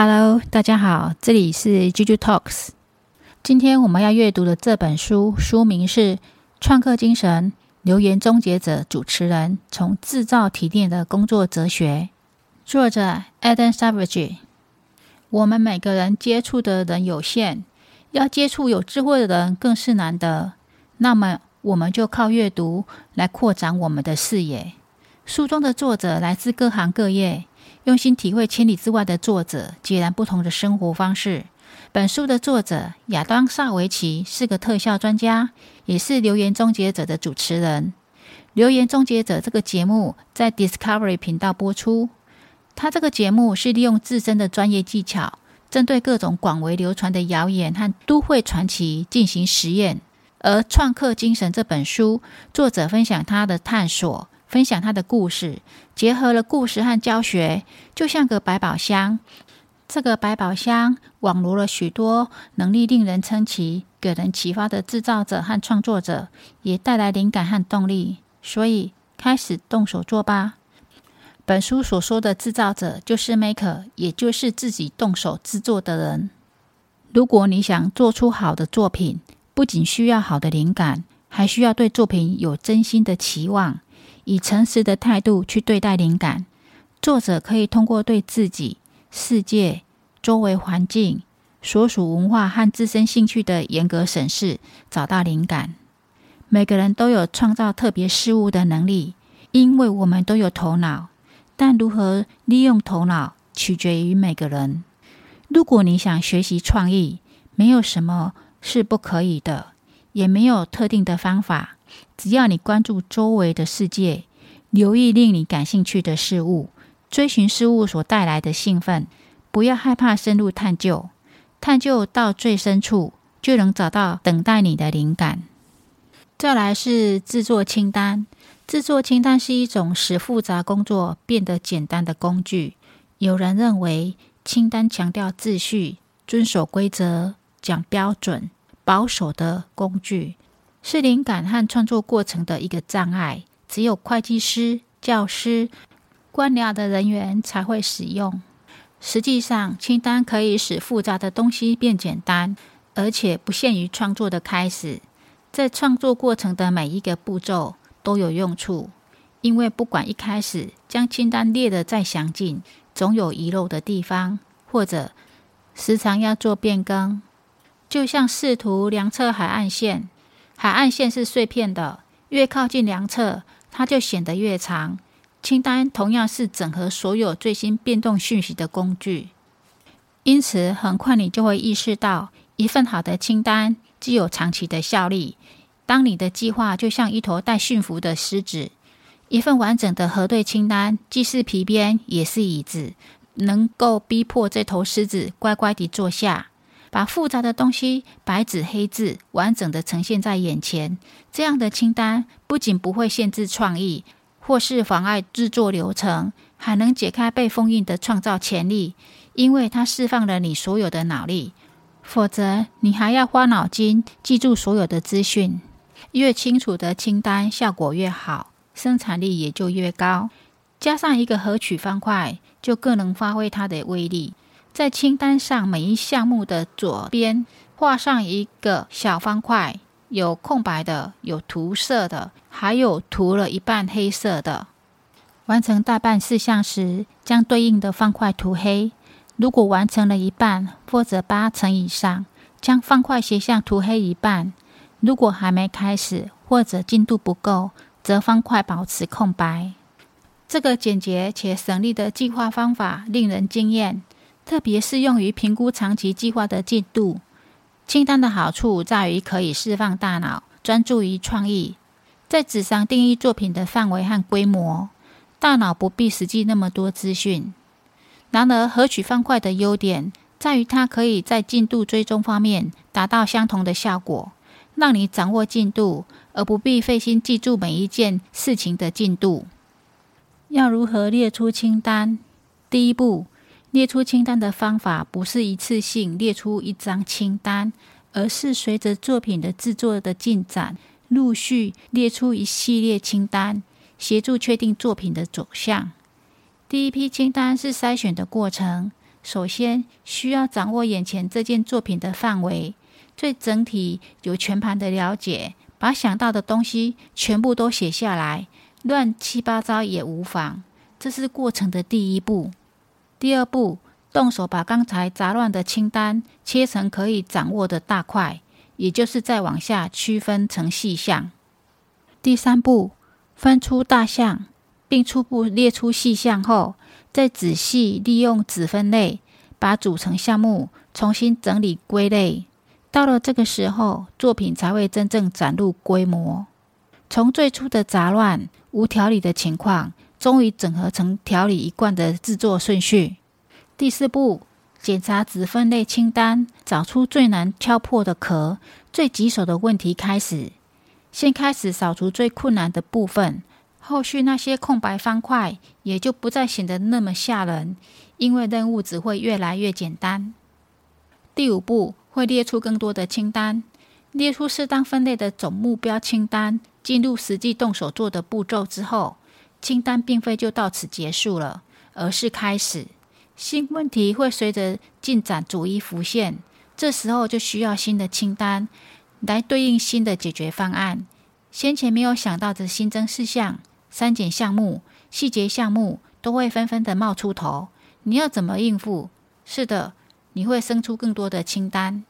Hello，大家好，這裡是 G G Talks。今天我們要閱讀的這本書書名是《創客精神：流言終結者》，主持人從自造提煉的工作哲學，作者 Adam Savage。我們每個人接觸的人有限，要接觸有智慧的人更是難得。那麼，我們就靠閱讀來擴展我們的視野。書中的作者來自各行各業，用心體會千里之外的作者截然不同的生活方式。本書的作者亞當·薩維奇是個特效專家，也是流言終結者的主持人《流言終結者》的主持人。《流言終結者》這個節目在 Discovery 頻道播出。他這個節目是利用自身的專業技巧，針對各種廣為流傳的謠言和都會傳奇進行實驗。而《創客精神》這本書，作者分享他的探索。分享他的故事，結合了故事和教學，就像個百寶箱。這個百寶箱網羅了許多能力令人稱奇、給人啟發的自造者和創作者，也帶來靈感和動力。所以，開始動手做吧。本書所說的自造者就是 Maker，也就是自己動手制作的人。如果你想做出好的作品，不僅需要好的靈感，還需要對作品有真心的期望。以誠實的態度去對待靈感，作者可以通過對自己、世界、周圍環境、所屬文化和自身興趣的嚴格審視，找到靈感。每個人都有創造特別事物的能力，因為我們都有頭腦，但如何利用頭腦取決於每個人。如果你想學習創意，沒有什麼是不可以的。也沒有特定的方法，只要你關注周圍的世界，留意令你感興趣的事物，追尋事物所帶來的興奮，不要害怕深入探究，探究到最深處，就能找到等待你的靈感。再來是制作清單，制作清單是一種使複雜工作變得簡單的工具。有人認為，清單強調秩序，遵守規則，講標準。保守的工具是靈感和創作過程的一個障礙，只有會計師、教師、官僚的人員才會使用。實際上，清單可以使複雜的東西變簡單，而且不限於創作的開始。在創作過程的每一個步驟都有用處，因為不管一開始將清單列得再詳盡，總有遺漏的地方，或者時常要做變更。就像試圖量測海岸線，海岸線是碎片的，越靠近量測，它就顯得越長。清單同樣是整合所有最新變動訊息的工具，因此很快你就會意識到，一份好的清單具有長期的效力。當你的計劃就像一頭待馴服的獅子，一份完整的核對清單既是皮鞭，也是椅子，能夠逼迫這頭獅子乖乖地坐下。把複雜的東西白紙黑字完整的呈現在眼前，這樣的清單不僅不會限制創意，或是妨礙製作流程，還能解開被封印的創造潛力，因為它釋放了你所有的腦力。否則，你還要花腦筋記住所有的資訊。越清楚的清單效果越好，生產力也就越高。加上一個核取方塊，就更能發揮它的威力。在清單上，每一項目的左邊畫上一個小方塊，有空白的，有塗色的，還有塗了一半黑色的。完成大半事項時，將對應的方塊塗黑；如果完成了一半或者八成以上，將方塊斜向塗黑一半；如果還沒開始或者進度不夠，則方塊保持空白。這個簡潔且省力的計劃方法令人驚艷。特別適用於評估長期計劃的進度。清單的好處在於可以釋放大腦，專注於創意，在紙上定義作品的範圍和規模，大腦不必實際那麼多資訊。然而，核取方塊的優點在於它可以在進度追蹤方面達到相同的效果，讓你掌握進度，而不必費心記住每一件事情的進度。要如何列出清單？第一步。列出清單的方法不是一次性列出一張清單，而是隨着作品的制作的進展，陸續列出一系列清單，協助確定作品的走向。第一批清單是篩選的過程。首先需要掌握眼前這件作品的範圍，對整體有全盤的了解，把想到的東西全部都寫下來，亂七八糟也無妨。這是過程的第一步。第二步，動手把剛才雜亂的清單切成可以掌握的大塊，也就是再往下區分成細項。第三步，分出大項，並初步列出細項後，再仔細利用子分類，把組成項目重新整理歸類。到了這個時候，作品才會真正展露規模，從最初的雜亂無條理的情況。終於整合成條理一貫的制作順序。第四步，檢查子分類清單，找出最難敲破的殼、最棘手的問題。開始先開始掃除最困難的部分，後續那些空白方塊也就不再顯得那麼嚇人，因為任務只會越來越簡單。第五步，會列出更多的清單，列出適當分類的總目標清單，進入實際動手做的步驟之後。清單並非就到此結束了，而是開始。新問題會隨着進展逐一浮現，這時候就需要新的清單來對應新的解決方案。先前沒有想到的新增事項、刪減項目、細節項目都會紛紛的冒出頭，你要怎麼應付？是的，你會生出更多的清單。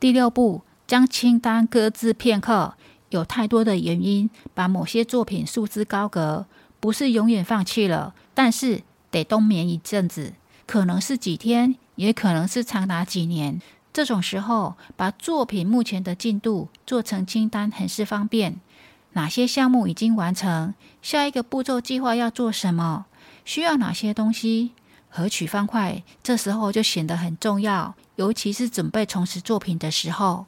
第六步，將清單擱置片刻。有太多的原因把某些作品束之高閣。不是永遠放棄了，但是得冬眠一陣子，可能是幾天，也可能是長達幾年。這種時候，把作品目前的進度做成清單，很是方便。哪些項目已經完成？下一個步驟計劃要做什麼？需要哪些東西？核取方塊，這時候就顯得很重要，尤其是準備重拾作品的時候。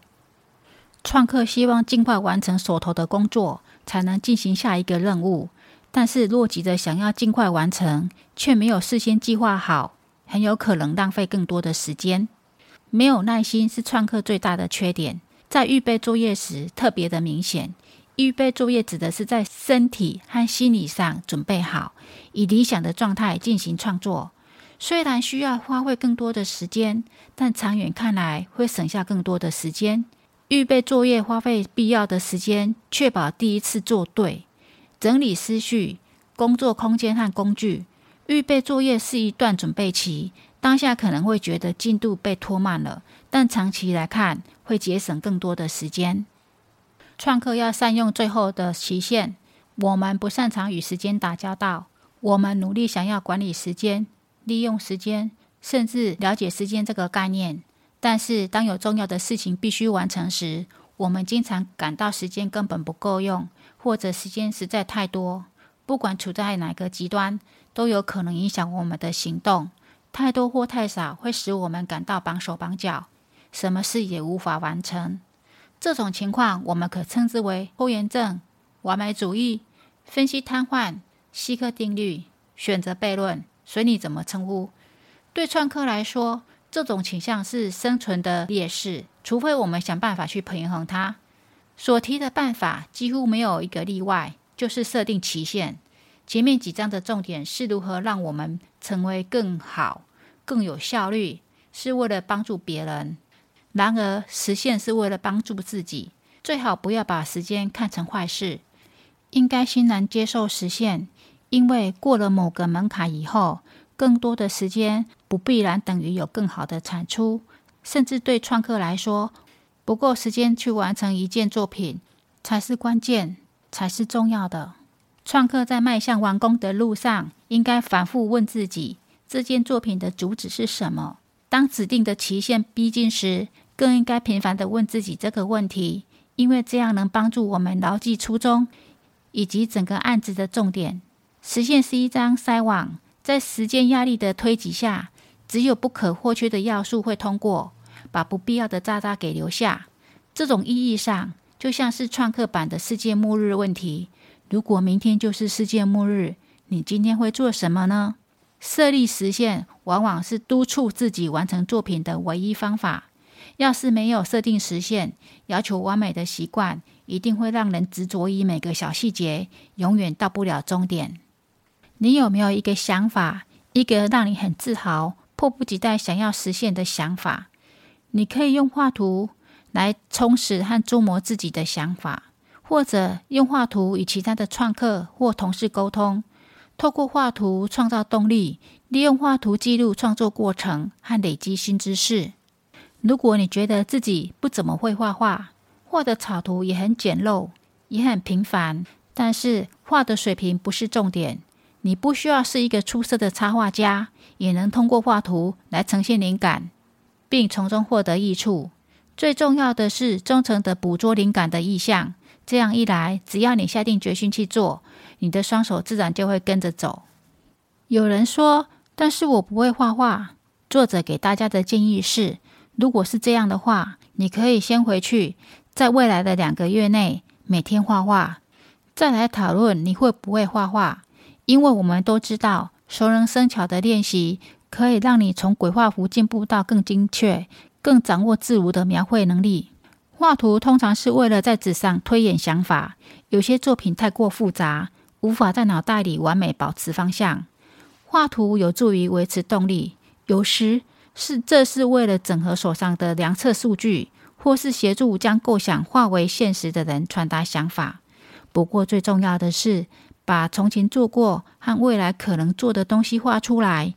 創客希望盡快完成手頭的工作，才能進行下一個任務。但是，若急着想要盡快完成，卻沒有事先計劃好，很有可能浪費更多的時間。沒有耐心是創客最大的缺點，在預備作業時特別的明顯。預備作業指的是在身體和心理上準備好，以理想的狀態進行創作。雖然需要花費更多的時間，但長遠看來會省下更多的時間。預備作業花費必要的時間，確保第一次做對。整理思緒、工作空間和工具，預備作業是一段準備期。當下可能會覺得進度被拖慢了，但長期來看會節省更多的時間。創客要善用最後的期限。我們不擅長與時間打交道，我們努力想要管理時間、利用時間，甚至了解時間這個概念。但是，當有重要的事情必須完成時，我們經常感到時間根本不夠用，或者時間實在太多。不管處在哪個極端，都有可能影響我們的行動。太多或太少，會使我們感到綁手綁腳，什麼事也無法完成。這種情況，我們可稱之為拖延症、完美主義、分析癱瘓、希克定律、選擇悖論，隨你怎麼稱呼。對創客來說，這種傾向是生存的劣勢，除非我們想辦法去平衡它。所提的辦法幾乎沒有一個例外，就是設定期限。前面幾章的重點是如何讓我們成為更好、更有效率，是為了幫助別人。然而，時限是為了幫助自己。最好不要把時間看成壞事，應該欣然接受時限，因為過了某個門檻以後，更多的時間不必然等於有更好的產出，甚至對創客來說，不夠時間去完成一件作品才是關鍵，才是重要的。創客在邁向完工的路上，應該反覆問自己：這件作品的主旨是什麼？當指定的期限逼近時，更應該頻繁地問自己這個問題，因為這樣能幫助我們牢記初衷以及整個案子的重點。時限是一張篩網。在時間壓力的推擠下，只有不可或缺的要素會通過，把不必要的渣渣給留下。這種意義上，就像是創客版的世界末日問題：如果明天就是世界末日，你今天會做什麼呢？設立時限，往往是督促自己完成作品的唯一方法。要是沒有設定時限，要求完美的習慣，一定會讓人執着於每個小細節，永遠到不了終點。你有沒有一個想法，一個讓你很自豪、迫不及待想要實現的想法？你可以用畫圖來充實和琢磨自己的想法，或者用畫圖與其他的創客或同事溝通。透過畫圖創造動力，利用畫圖記錄創作過程和累積新知識。如果你覺得自己不怎麼會畫畫，畫的草圖也很簡陋，也很平凡，但是畫的水平不是重點。你不需要是一個出色的插畫家，也能通過畫圖來呈現靈感，並從中獲得益處。最重要的是，忠誠的捕捉靈感的意向。這樣一來，只要你下定決心去做，你的雙手自然就會跟着走。有人說：“但是我不會畫畫。”作者給大家的建議是：如果是這樣的話，你可以先回去，在未來的兩個月內每天畫畫，再來討論你會不會畫畫。因為我們都知道，熟能生巧的練習可以讓你從鬼畫符進步到更精確、更掌握自如的描繪能力。畫圖通常是為了在紙上推演想法，有些作品太過複雜，無法在腦袋裡完美保持方向。畫圖有助於維持動力，有時是這是為了整合手上的量測數據，或是協助將構想化為現實的人傳達想法。不過最重要的是，把從前做過和未來可能做的東西畫出來，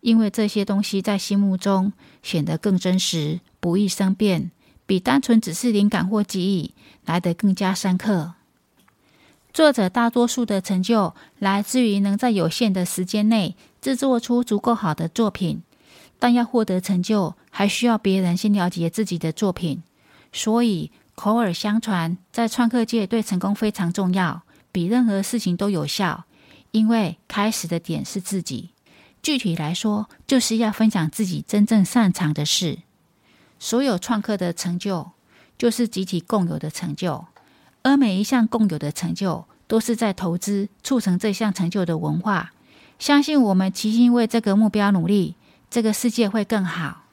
因為這些東西在心目中顯得更真實，不易生變，比單純只是靈感或記憶來得更加深刻。作者大多數的成就來自於能在有限的時間內製作出足夠好的作品，但要獲得成就，還需要別人先了解自己的作品。所以口耳相傳在創客界對成功非常重要。比任何事情都有效，因為開始的點是自己。具體來說，就是要分享自己真正擅長的事。所有創客的成就，就是集體共有的成就，而每一項共有的成就，都是在投資促成這項成就的文化。相信我們齊心為這個目標努力，這個世界會更好。